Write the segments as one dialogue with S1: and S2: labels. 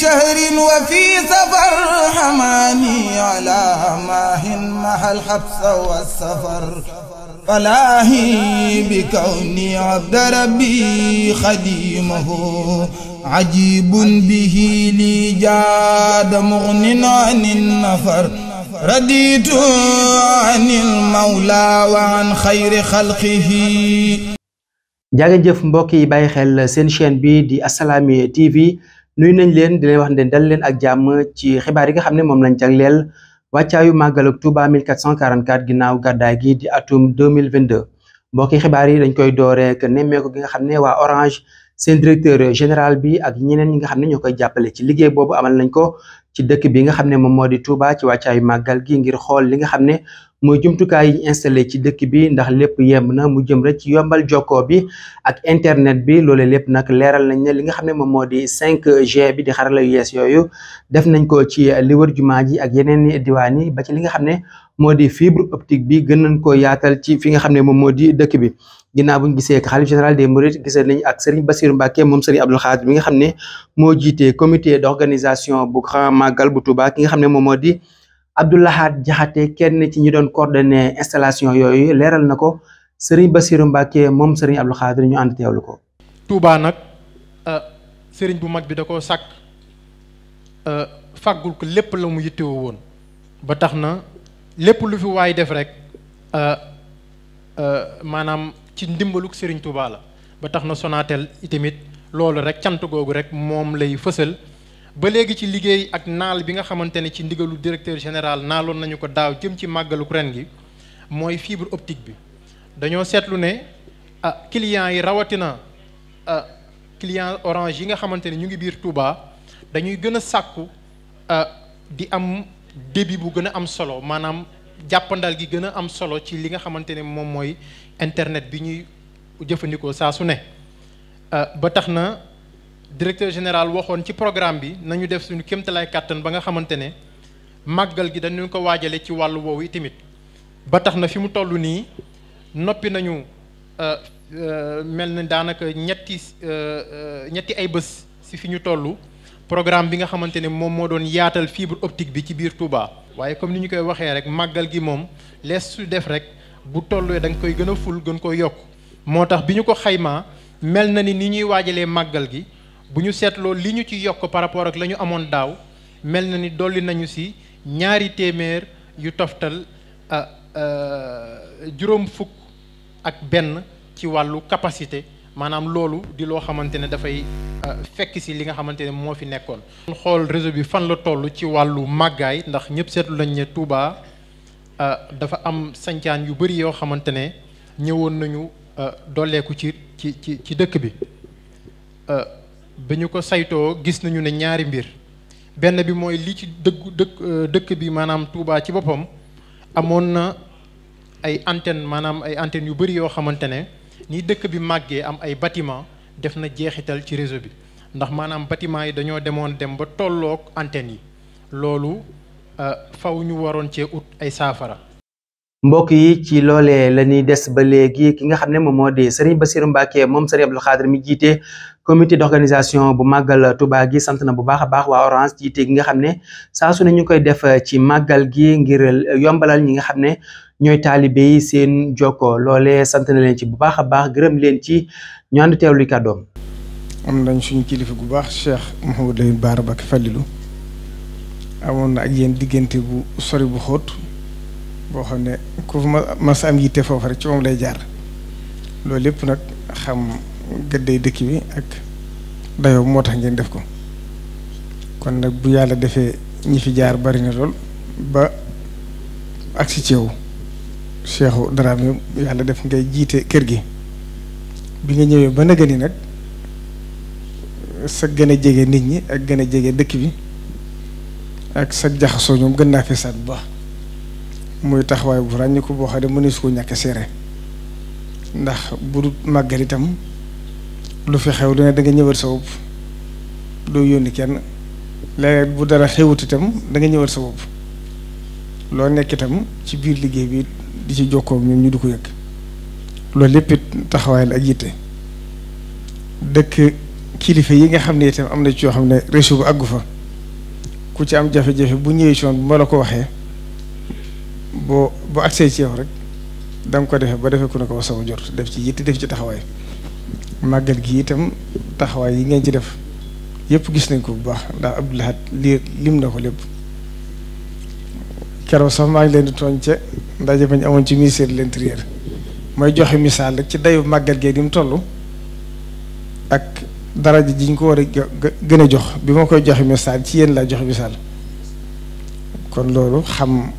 S1: شهر وفي سفر
S2: حماني على ماه
S1: مع الحبس والسفر
S2: فلاهي بكوني عبد ربي خديمه عجيب به لي جاد مغن عن النفر رديت عن المولى وعن خير خلقه
S3: jaa ngeen jëf mbokk yi bàyyi xel seen chaîne bi di Assalaamy TV nuy nañ leen di leen wax ne dal leen ak jàmm ci xibaar yi nga xam ne moom lañ jagleel wàccaayu màggal ak Touba 1444 ginnaaw gàddaay gi di atum 2022 mbokki xibaar yi dañ koy dooree que nemmeeku gi nga xam ne waa Orange sen directeur général bi ak ñeneen ñi nga xam ne ñoo koy jàppale ci liggéey boobu amal nañ ko ci dëkk bi nga xam ne moom moo di Touba ci wàccaayu màggal gi ngir xool li nga xam ne mooy jumtukaay yi installé ci dëkk bi ndax lépp yemb na mu jëm rek ci yombal jokkoo bi ak internet bi loole lépp nag leeral nañ ne li nga xam ne moom moo di 5G bi di xarala yees yooyu def nañ ko ci li jumaa ji ak yeneen i diwaan yi ba ci li nga xam ne moo di fibre optique bi gën nañ koo yaatal ci fi nga xam ne moom moo di dëkk bi ginnaaw bu ñu gisee ak xalif général des mourides gisee nañ ak Serigne Bassirou Mbacke moom Serigne Abdoul Khadir bi nga xam ne moo jiite comité d'organisation bu grand magal bu Touba ki nga xam ne moom moo di Abdoulahat Jaxate kenn ci ñi doon coordonné installation yooyu leeral na ko Serigne Bassirou Mbacke moom Serigne Abdou Khadre ñu ànd teewlu ko.
S4: Touba nag euh, Serigne bu mag bi da koo sàkk euh, fàggul ko lépp la mu yittewoo woon ba tax na lépp lu fi waay def rek euh, maanaam ci ndimbaluk Serigne Touba la ba tax na sonaateel itamit loolu rek cant googu rek moom lay fësal. ba léegi ci liggéey ak naal bi nga xamante ne ci ndigalu directeur général naaloon nañu ko daaw jëm ci màggalu ren gi mooy fibre optique bi dañoo seetlu ne ah clients yi rawatina ah client orange yi nga xamante ne ñu ngi biir Touba dañuy gën a sàkku ah, di am débit bu gën a am solo maanaam jàppandal gi gën a am solo ci li nga xamante ne moom mooy internet bi ñuy jëfandikoo saa su ne ah, ba tax na. directeur général waxoon ci programme bi nañu def suñu kéemtalaay kàttan ba nga xamante ne màggal gi dañu ko waajale ci wàllu woowu tamit ba tax na fi mu toll nii noppi nañu euh, euh, mel ni daanaka ñetti euh, ñetti ay bés si fi ñu toll programme bi nga xamante ne moom moo doon yaatal fibre optique bi ci biir Touba. waaye comme ni ñu koy waxee rek màggal gi moom lees su def rek bu tollee da koy gën a ful gën ko yokk moo tax bi ñu ko xaymaa mel na ni ni ñuy waajalee màggal gi. bu ñu seetloo li ñu ci yokk par rapport ak la ñu amoon daaw mel na ni dolli nañu si ñaari téeméer yu toftal euh, euh, juróom fukk ak benn ci wàllu capacité maanaam loolu di loo xamante ne dafay euh, fekk si li nga xamante ne moo fi nekkoon. xool réseau bi fan la toll ci wàllu màggaay ndax ñëpp seetlu nañ ne Touba dafa am sancaan yu bëri yoo xamante ne ñëwoon nañu dolleeku ci ci ci ci dëkk bi. bi ñu ko saytoo gis nañu ne ñaari mbir benn bi mooy li ci dëggu dëkk euh, dëkk bi maanaam Touba ci boppam amoon na ay antenne maanaam ay antennes yu bëri yoo xamante ne ni dëkk bi màggee am ay bâtiment def na jeexital ci réseau bi ndax maanaam bâtiment yi dañoo demoon dem ba tolloog antennes yi loolu euh, faw ñu waroon cee ut ay saafara
S3: mbokk yi ci loolee la ñuy des ba léegi ki nga xam ne moom moo di Serigne Bassirou Mbacké moom Serigne Abdou Khadre mi jiite comité d'organisation bu màggal Touba gi sant na bu baax a baax waa Orange jiite ki nga xam ne saa su ne ñu koy def ci màggal gi ngir yombalal ñi nga xam ne ñooy taalibe yi seen jokko loolee sant na leen ci bu baax a baax gërëm leen ci ñu ànd teewlu
S1: kàddoom. am nañ suñu kilifa gu baax Cheikh Mouhamadou Lamine Bara Mbacké Fallilou amoon na bu sori bu xóot. boo xam ne ku ma mas am yitte foofu rek ci moom lay jaar loolu lépp nag xam gëdday dëkk bi ak dayoo moo tax ngeen def ko kon nag bu yàlla defee ñi fi jaar bari na lool ba ak si ceew Cheikhou Dramé yàlla def ngay jiite kër gi bi nga ñëwee ba nagani nag sa gën a jege nit ñi ak gën a jege dëkk bi ak sa jaxasoo ñoom gën naa feesaat bu baax muy taxawaay bu ko boo xam ne mënees koo ñàkk seere ndax bu màggal itam lu fi xew dina da nga ñëwal sa bopp kenn léeg bu dara xewut itam da nga ñëwal sa bopp loo nekk itam ci biir liggéey bi di ci jokkoo ñoom ñu du ko yëg loolu lépp it taxawaay la ak yitte dëkk kilifa yi nga xam ne itam am na ci yoo xam ne réseau bu àggu fa ku ci am jafe-jafe bu ñëwee coon bu ma la ko waxee. boo bu agsee ci rek da ko defe ba defee ku ne ko wasaw jot def ci yitte def ci taxawaay màggal gi itam taxawaay yi ngeen ci def yépp gis nañ ko bu baax ndax Abdou Lahad lii lim na ko lépp keroog sax maa ngi leen di tooñ ca ndaje bañ amoon ci ministère de l'intérieur mooy joxe misaal rek ci dayu màggal gee di mu toll ak dara ji ñu ko war a gën a jox bi ma koy joxe misaal ci yéen laa joxe misaal kon loolu xam.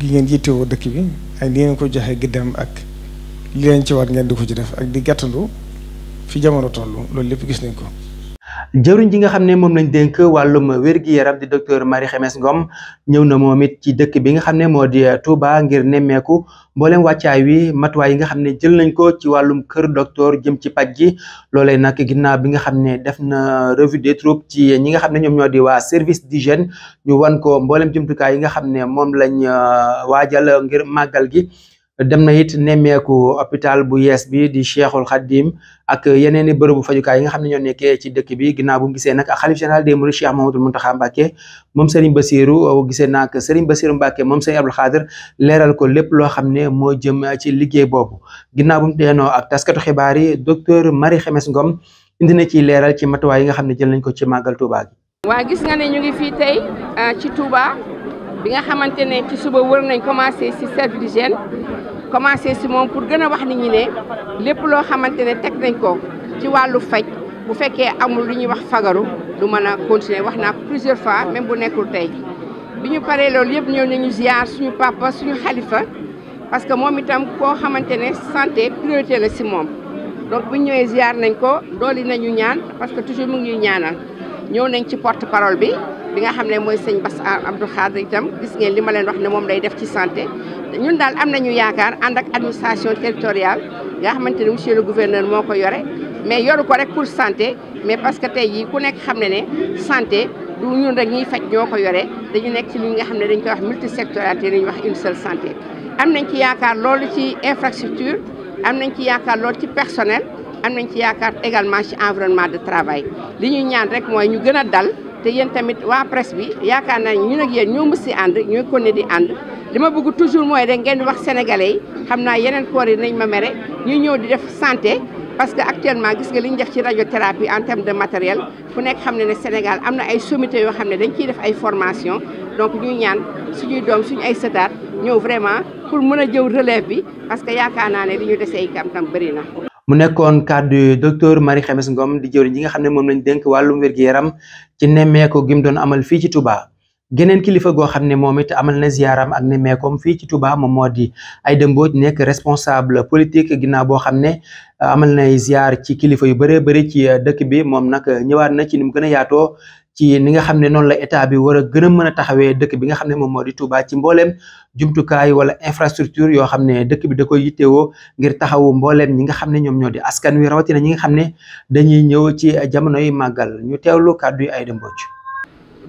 S1: li ngeen yittewoo dëkk bi ak li ngeen ko joxee giddeem ak li leen ci war ngeen di ko ci def ak di gàttandu fi jamono toll loolu lépp gis nañ ko jëwriñ ji nga xam ne moom lañ dénk wàllum wér-gi-yaram
S3: di docteur Marie Khemesse ngoom ñëw na moom it ci dëkk bi nga xam ne moo di Touba ngir nemmeeku mboolem wàccaay wi matuwaay yi nga xam ne jël nañ ko ci wàllum kër docteur jëm ci paj gi loolee nag ginnaaw bi nga xam ne def na revue des troupes ci ñi nga xam ne ñoom ñoo di waa service di d'hygiène ñu wan ko mboolem jumtukaay yi nga xam ne moom lañ euh, waajal ngir màggal gi dem na it nemmeeku hôpital bu yees bi di Cheikhul Khadim ak yeneen i bërëbu fajukaay yi nga xam ne ñoo nekkee ci dëkk bi ginnaaw bu mu gisee nag ak xalif général des mourides Cheikh Mamadou Mountakha Mbacké moom Serigne Bassirou moom Serigne Abdou Khadr leeral ko lép loo xam ne moo jëm ci liggéey boobu ginnaaw bu mu teenoo ak taskatu xibaar yi docteur Marie Xemes Ngom indi na ci leeral ci matuwaay yi nga xam ne jël nañ ko ci màggal Touba
S5: waa gis nga ne ñu ngi tey ah, ci Touba. bi nga xamante ne ci suba wër nañ commencé si service d'hygiène commencé si moom pour gën a wax nit ñi ne lépp loo xamante ne teg nañ ko ci wàllu faj bu fekkee amul lu ñuy wax fagaru du mën a continuer wax naa plusieurs fois même bu nekkul tey bi ñu paree loolu yëpp ñëw nañu ziar suñu papa suñu xalifa parce que moom itam koo xamante ne santé priorité la si moom donc bu ñu ñëwee ziar nañ ko dooli nañu ñaan parce que toujours mu ngi ñuy ñaanal. ñëw nañ ci porte parole bi bi nga xam ne mooy sëñ Bass Abdou Khadre itam gis ngeen li ma leen wax ne moom lay def ci santé ñun daal am nañu yaakaar ànd ak administration territoriale nga xamante ne monsieur le gouverneur moo ko yore mais yoru ko rek pour santé mais parce que tey jii ku nekk xam ne ne santé du ñun rek ñuy faj ñoo ko yore dañu nekk ci li nga xam ne dañ koy wax multisectorialité dañuy wax une seule santé am nañ ci yaakaar loolu ci infrastructure am nañ ci yaakaar loolu ci personnel am nañ ci yaakaar également ci environnement de travail li ñuy ñaan rek mooy ñu gën a dal te yéen tamit waa presse bi yaakaar naa ñun ak yéen ñoo mës si ànd ñooy continuer di ànd li ma bëgg toujours mooy rek ngeen wax sénégalais yi xam naa yeneen koor yi nañ ma mere ñuy ñëw di def santé parce que actuellement gis nga li ñu def ci radiothérapie en terme de matériel fu nekk xam ne ne Sénégal am na ay sommité yoo xam ne dañ ciy def ay formation donc ñuy ñaan suñuy doom suñu ay sëtaat ñëw vraiment pour mën a jëw relève bi parce que yaakaar naa ne li ñu desee itam bëri na
S3: mu nekkoon kàddu docteur Marie Khemesse ngoom di jëwriñ ji xam ne moom lañ dénk wàllum wér yaram ci nemmeeku gi mu doon amal fii ci tubaa geneen kilifa goo xam ne moom it amal na ziaram ak nemmeekom fii ci Touba moom moo di Aïda Mbodj nekk responsable politique ginnaaw boo xam ne uh, amal nay ziar ci kilifa yu bëree bëri ci uh, dëkk bi moom nag ñëwaat na ci ni mu gën a yaatoo ci ni nga xam ne noonu la état bi war a gën mën a taxawee dëkk bi nga xam ne moom moo di Touba ci mbooleem jumtukaay wala infrastructure yoo xam ne dëkk bi da koy yittewoo ngir taxawu mbooleen ñi nga xam ne ñoom ñoo di askan wi rawatina ñi nga xam ne dañuy ñëw ci jamono yi màggal ñu teewlu kàddu yi Aïda Mbodj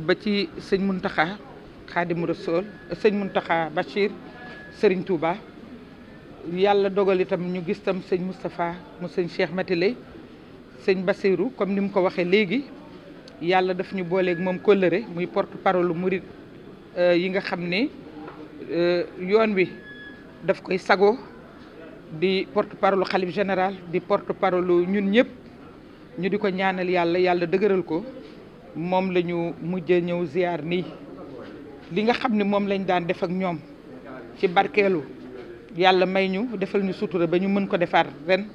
S2: ba ci sëñ Muntaxa Xaadimu Rasuul sëñ Muntaxa Bachir Sëriñ tuuba yàlla dogal itam ñu gis tam sëñ Moustapha mu sëñ Cheikh Matiley sëñ Bassirou comme ni mu ko waxee léegi yàlla def ñu booleeg moom kóllëre muy porte parole murit euh, yi nga xam ne Euh, yoon wi daf koy sago di porte parole xalif général di porte parole ñun ñëpp ñu di ko ñaanal yàlla yàlla dëgëral ko moom la ñu mujjee ñëw ziar nii li nga xam ne moom lañ daan def ak ñoom ci barkeelu yàlla may ñu defal ñu sutura ba ñu mën ko defar ren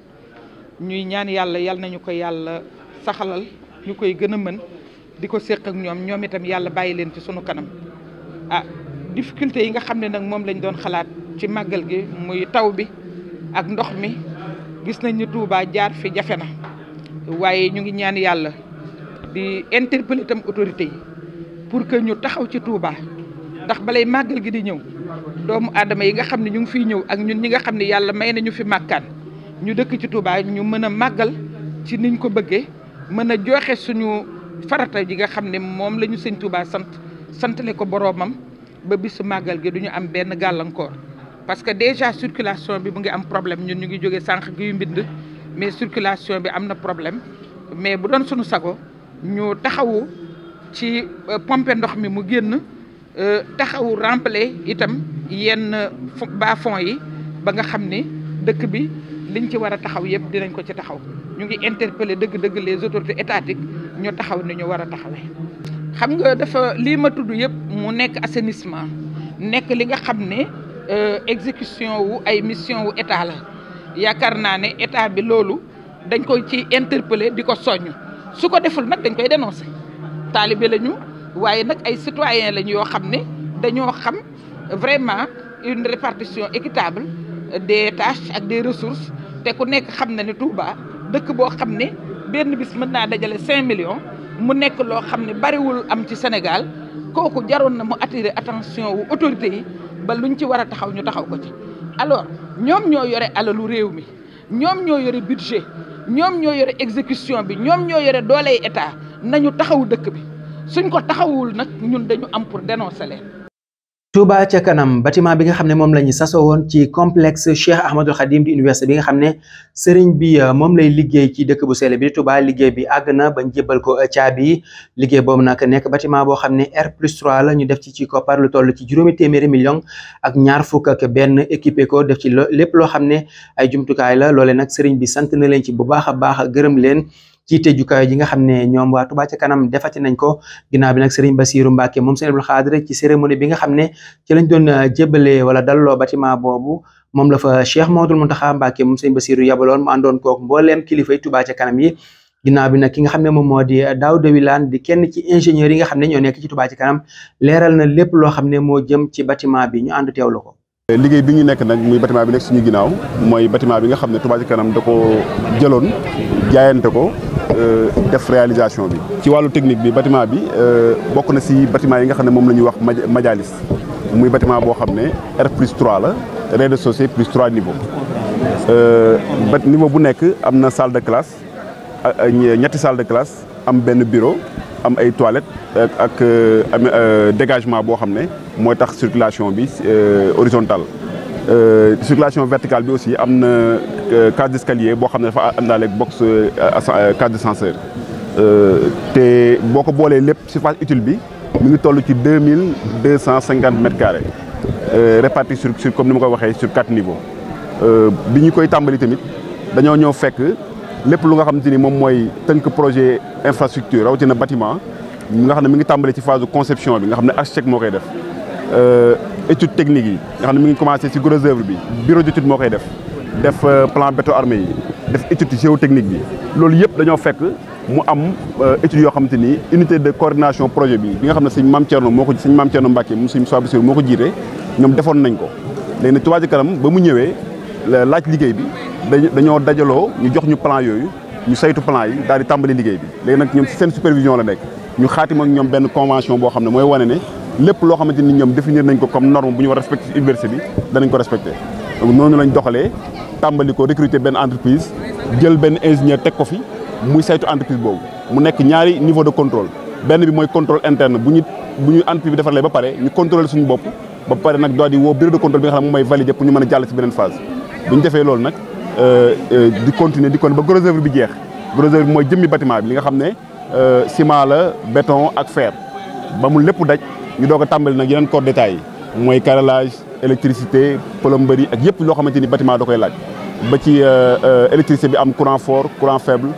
S2: ñuy ñaan yàlla yal nañu ko yàlla saxalal ñu koy gën a mën di ko séq ak ñoom ñoom itam yàlla bàyyi leen ci sunu kanam ah, difficulté yi nga xam ne nag moom lañu doon xalaat ci màggal gi muy taw bi ak ndox mi gis nañ ni Touba jaar fi jafe na waaye ñu ngi ñaan yàlla di interpeller autorité yi pour que ñu taxaw ci Touba ndax balay màggal gi di ñëw doomu aadama yi nga xam ne ñu ngi fiy ñëw ak ñun ñi nga xam ne yàlla may nañu fi màkkaan ñu dëkk ci Touba ñu mën a màggal ci niñ ko bëggee mën a joxe suñu farata ji nga xam ne moom la ñu sëñ Touba sant santale ko boroomam ba bisu màggal gi du ñu am benn gàllankoor parce que déjà circulation bi mu ngi am problème ñun ñu ngi jógee sànq gi mbind mais circulation bi am na problème mais bu doon suñu sago ñu taxawu ci euh, pompe ndox mi mu génn euh, taxawu rempler itam yenn bas-fonds yi ba nga xam ni dëkk bi liñ ci war a taxaw yëpp dinañ ko ci taxaw ñu ngi interpeller dëgg-dëgg les autorités étatiques ñu taxaw ni ñu war a taxawee xam nga dafa lii ma tudd yëpp mu nekk assainissement nekk li nga xam ne euh, exécution wu ay mission wu état la yaakaar naa ne état bi loolu dañ koy ci interpeller di ko soññ su ko deful nag dañ koy dénoncer taalibe lañu waaye nag ay citoyen lañu yoo xam ne dañoo xam vraiment une répartition équitable euh, des tâches ak des ressource te ku nekk xam na ne Touba dëkk boo xam ne benn bis mën naa dajale cinq millions mu nekk loo xam ne bariwul am ci Sénégal kooku jaroon na mu attirer attention wu autorité yi ba ñu ci war a taxaw ñu taxaw ko ci alors ñoom ñoo yore alalu réew mi ñoom ñoo yore budget ñoom ñoo yore exécution bi ñoom ñoo yore dooley état nañu taxawu dëkk bi suñ ko taxawul nag ñun dañu am pour dénoncer leen
S3: Touba ca kanam batiment bi nga xam ne moom la ñu sasoo woon ci complexe Cheikh Ahmadul Khadim di université bi nga xam ne seriñ bi euh, moom lay liggéey ci dëkk bu sell bi tubaa liggéey bi àgg na ba jébbal ko euh, caabi liggéey boobu nag nekk batiment boo xam ne R plus 3 la ñu def ci ci koppar lu toll ci juróomi téeméeri million ak ñaar fukk ak benn équipe ko def ci lépp loo xam ne ay jumtukaay la loole nag sëriñ bi sant na leen ci bu baax a baax gërëm leen ci ju kawe ji nga xam ne ñoom waa Touba kanam defati nañ ko ginnaaw bi nag Serigne Bassirou Mbacké moom Serigne Abdou Khadre ci bi nga xam ne ci lañ doon euh, jébale wala dalloo bâtiment boobu moom la fa Cheikh Maodul Mountakha Mbacké moom Serigne Bassirou yabaloon mu àndoon kook mbooleem kilifay Touba ca kanam yi ginnaaw bi nag ki xam ne moom moo di euh, Daouda Wilane di kenn ci ingénieur yi nga xam ne ñoo nekk ci Touba ci na lépp loo xam ne moo jëm ci bâtiment bi ñu ànd teewlu ko. bi ñu nekk nag muy
S6: bâtiment bi nekk suñu ginnaaw mooy bâtiment bi nga xam ne Touba ci kanam da ko jëloon jaayante ko Euh, def réalisation bi ci wàllu technique bi bâtiment bi euh, bokk na si batiment yi nga xam ne moom la ñuy wax majalis muy batiment boo xam ne R plus 3 la rez-de-chaussée plus 3 niveau euh, ba niveau bu nekk am na salle de classe ñetti salle de classe am benn bureau am ay toilettes ak am dégagement boo xam ne mooy tax circulation bi horizontale Euh, circulation verticale bi aussi am na euh, cage d'escalier boo xam ne dafa àndaale ak box euh, cage d'ascenseur te boo ko boolee lépp ci surface utile bi mu ngi toll ci deux mille deux cent cinquante mètres carrés répartis sur comme ni ma ko waxee sur quatre niveaux bi ñu koy tàmbali tamit dañoo ñëw fekk lépp lu nga xamante ni moom mooy tënk projet infrastructure rawatina bâtiment mi nga xam ne mi ngi tàmbali ci phase de conception bi nga xam ne architecte moo koy def Euh, étude technique yi nga xam ne mi ngi commencé ci gros œuvre bi bureau d' étude moo koy def def euh, plan béton armé yi def étude géotechnique bi loolu yëpp dañoo fekk mu am euh, étude yoo xamante ni unité de coordination projet bi bi nga xam ne sëñ Mame Thierno moo ko sëñ Mame Thierno Mbacke mu sëñ Souhaibou Souré moo ko jiite ñoom defoon nañ ko léegi nag Touba Ca Kanam ba mu ñëwee laaj liggéey bi dañoo dajaloo ñu jox ñu plan yooyu ñu saytu plan yi daal di tàmbali liggéey bi léegi nag ñoom si seen supervision la nekk ñu xaatim ak ñoom benn convention boo xam ne mooy wane ne lépp loo xamante ni ñoom définir nañ ko comme norme bu ñu war respecté ci université bi danañ ko respecté noonu lañ doxalee tàmbali ko recruter benn entreprise jël benn ingénieur teg ko fi muy saytu entreprise boobu mu nekk ñaari niveau de contrôle benn bi mooy contrôle interne bu ñu bu ñu entreprise bi defarlee ba pare ñu contrôler suñu bopp ba pare nag doo di woo bureau de contrôle bi nga xam ne moom mooy valider pour ñu mën a jàll ci beneen phase bu euh, euh, di continuer di kon ba gros œuvre bi jeex gros œuvre bi mooy jëmmi bâtiment bi nga xam ne euh, ciment la béton ak fer ba mu lépp daj ñu doog a tàmbali nag yeneen corps d'état yi mooy carrelage électricité plomberie ak yëpp loo xamante ni bâtiment da koy laaj ba ci euh, euh, électricité bi am courant fort courant faible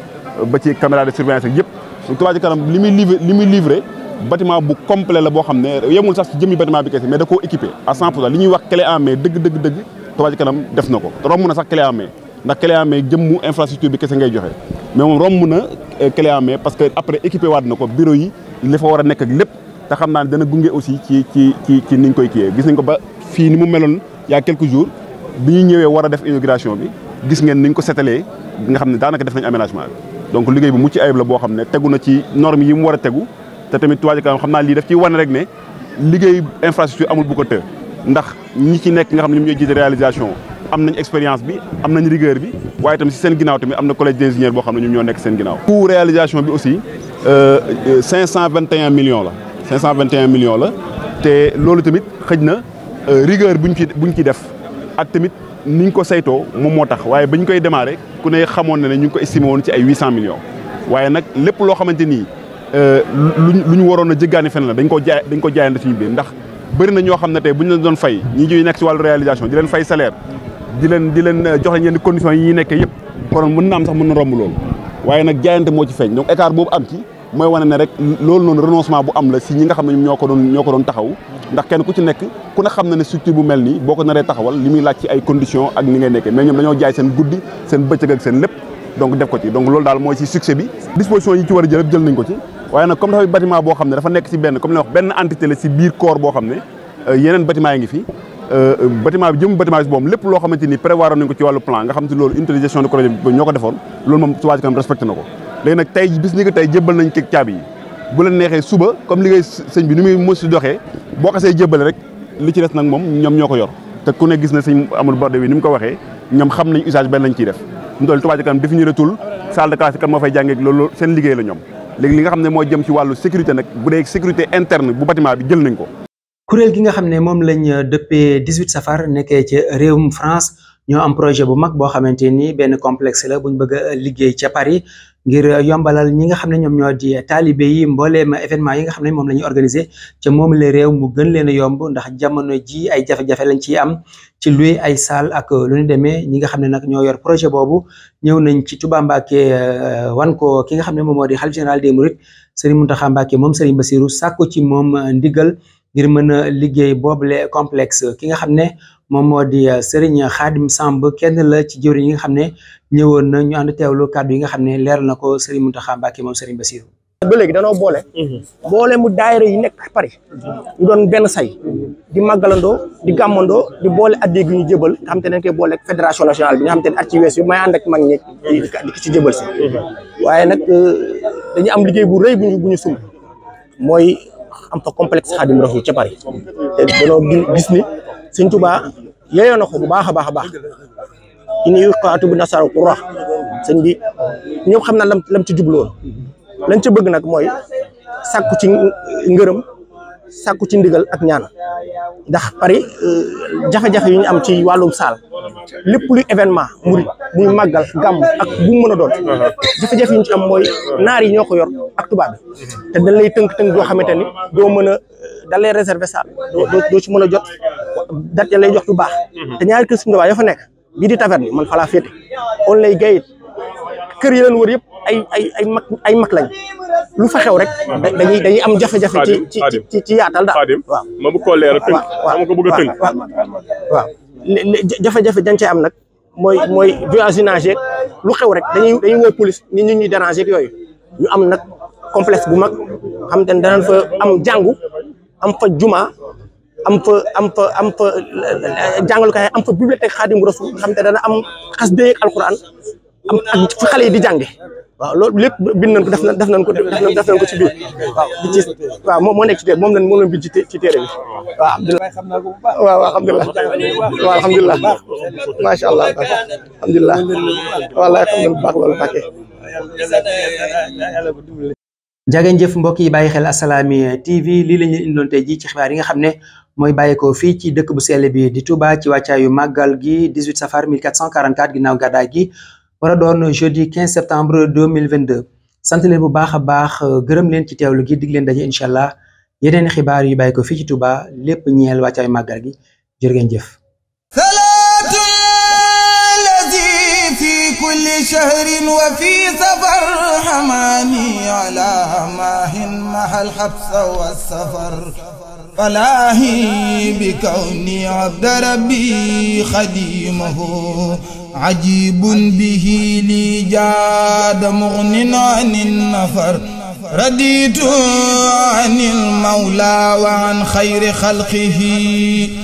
S6: ba ci caméra de surveillance ak yëpp donc Touba Ca Kanam li muy livré li muy livré bâtiment bu complet la boo xam ne yemul sax ci jëmmi bâtiment bi kese mais da koo équipé à 100 pour cent li ñuy wax clé en dëgg dëgg dëgg Kanam def na ko romb na sax clé en main ndax clé en jëmmu infrastructure bi kese ngay joxe mais romb na euh, clé en que après équipé waat na ko bureau yi li fa war a nekk lépp te xam naa ne dana gunge aussi ci ci ci ci niñ koy kiiyee gis nañ ko ba fii ni mu meloon yaa quelques jours bi ñu ñëwee war a def inauguration bi gis ngeen niñ ko setalee nga xam ne daanaka def nañ aménagement bi donc liggéey bu mucc ayib la boo xam ne tegu na ci norme yi mu war a tegu te tamit Touba ca xam naa lii daf ciy wane rek ne liggéey infrastructure amul bu ko të ndax ñi ci nekk nga xam ne ñoom ñooy jiite réalisation am nañ expérience bi am nañ rigueur bi waaye tamit seen ginnaaw tamit am na collège d'ingénieur boo xam ne ñoom ñoo nekk seen ginnaaw coût réalisation bi aussi euh, euh, cinq cent vingt et un la 521 millions la te loolu tamit xëj na bu euh, buñ ci buñ ci def ak tamit niñ ko saytoo moom moo tax waaye bañ koy démarrer ku ne xamoon na ne ñu ngi ko estimé woon ci ay 800 millions waaye nag lépp loo xamante nii euh, luñ lu ñu waroon a jëggaani feneen la dañ ko jaay dañ ko jaayante suñu biir ndax bëri na ñoo xam ne tey bu ñu leen doon fay ñi ñuy nekk si wàllu réalisation di leen fay salaire di leen di leen euh, jox leen yenn conditions yi ñu nekkee yëpp kon mën na am sax na romb loolu waaye nag jaayante moo ci feeñ donc écart boobu am mooy wane ne rek loolu noonu renoncement bu am la si ñi nga xam ne ñoo ko doon ñoo ko doon taxaw ndax kenn ku ci nekk ku ne xam na ne structure bu mel nii boo ko naree taxawal li muy laaj ci ay conditions ak ni ngay nekkee mais ñoom dañoo jaay seen guddi seen bëccëg ak seen lépp donc def ko ci donc loolu daal mooy si succès bi disposition yi ci war a jël jël nañ ko ci waaye nag comme dafay bâtiment boo xam ne dafa nekk si benn comme li wax benn entité la si biir corps boo xam ne euh, Euh, euh, bâtiment bi jëm bâtiment bi boobu lépp loo xamante ni prévoir nañ ko ci wàllu plan nga xam te loolu unité de gestion de projet bi ñoo ko defoon loolu moom Touba Kanam respecté na ko léegi nag tey bis ni ko tey jébbal nañ keg caabi yi suba comme liggéey sëñ bi ni muy mos si doxee boo xasee jébbale rek li ci des nag moom ñoom ñoo ko yor te ku ne gis na sëñ Amadou Bardé bi ni mu ko waxee ñoom xam nañ usage benn lañ ciy def ñu toll Touba Ca Kanam définir tul salle de classe kan jàngee loolu seen liggéey la ñoom léegi li nga xam ne moo jëm ci wàllu sécurité nag bu dee sécurité interne bu bâtiment bi jël nañ ko
S3: kuréel gi nga xam ne moom lañ euh, dëppee 18 safar nekkee ca réewum France ñoo am projet bu mag boo xamante ni benn complexe la buñ bëgg a euh, liggéey ca Paris ngir euh, yombalal ñi nga xam ne ñoom ñoo di taalibe yi mbooleem événement yi nga xam ne moom la ñuy ca moom le réew mu gën leen a yomb ndax jamono ji ay jafe-jafe lañ ciy am ci luy ay salle ak lu ñu demee ñi nga xam ne nag ñoo yor projet boobu ñëw nañ ci Touba Mbacké wan ko ki nga xam ne moom moo di xalif général des Mourides Serigne Mountakha Mbacké moom Serigne Bassirou sàkku ci moom ndigal ngir mën a liggéey boobule complexe ki nga xam ne moom moo di euh, Serigne Khadim Samb kenn la ci jëwriñ yi nga xam ne ñëwoon na ñu ànd teewlu kàddu yi nga xam ne leer na ko
S7: Serigne Mountakha ki moom Serigne Bassirou ba léegi danoo boole mhm. boole mu daayira yi nekk Paris ñu doon benn say di màggalandoo di gàmmandoo di boole addi gi ñu jëbal nga xam te dañ boole fédération nationale bi nga xam te ne at ci wees bi may ànd ak mag ñi di ci jëbal si mhm. waaye nag euh, dañu am liggéey am fa complexe xaadim rasul ca Paris te danoo gis ni sëñ Tuubaa yeyoo na ko bu baax a baax a baax ini yuqaatu bi nasara qura sëñ bi ñëpp xam na lam lam ci jublu woon lañ ca bëgg nag mooy sàkku ci ngërëm sàkku ci ndigal ak ñaan ndax Paris euh, jafe-jafe yu ñu am ci wàllum saal lépp lu événement murit muy màggal gàmm ak bu a doon jafe-jafe yi am mooy naar yi ñoo ko yor ak tubaab bi te dañ lay tënk-tënk doo xamante ni doo mën a dañ lay réserver saal doo ci mën a jot dat ya lay jox du baax te ñaari kër suñu tubaab ya fa nekk bii di taverne man fa laa féete on gayit kër yi leen yëpp ay ay ay mag ay mag lañ lu fa xew rek. dañuy dañuy am jafe-jafe. ci
S6: ci ci yaatal daal. waaw ma ko bëgg a
S7: waaw jafe-jafe am nag mooy mooy voisinage yeeg lu xew rek dañuy dañuy woo police nit ñi ñuy déranger yooyu ñu am nag complexe bu mag xam te ne danañ fa am jàngu am fa juma am fa am fa am fa euh, jàngalukaay am fa bibliothèque Xaadimu Rasuul xam te dana am xas dee ak alxuraan am ak xale yi di jànge waaw loolu lépp bind nañ ko def nañ def nañ ko def nañ ko ci biir waaw bi moom moo nekk ci téere moom lañ moom lañ bind ci ci téere bi
S1: waaw alhamdulilah waaw waaw alhamdulilah waaw alhamdulilah
S7: macha allah alhamdulilah wallaay xam nañ bu baax loolu bàkkee
S3: jageen mbokk yi bàyyi xel Assalaamy TV lii la ñu indoon tey jii ci xibaar yi nga xam ne mooy bàyyeekoo fii ci dëkk bu sell bi di Touba ci wàccaayu màggal gi 18 safar 1444 ginnaaw gàddaay gi war a doon jeudi 15 septembre 2022 sant leen bu baax a baax gërëm leen ci teewlu gi dig leen daje incha allah yeneen xibaar yu bàyyi ko fii ci Touba lépp ñeel wàccaay màggal gi jërë ngeen jëf
S1: كل شهر وفي سفر
S2: حماني على ماهن مع الحبس والسفر falaahi bi kawni abd rabbi xadimahu ajibun bihi li jaada mugnin an nafar raditu an al mawla wa an xayri xalqihi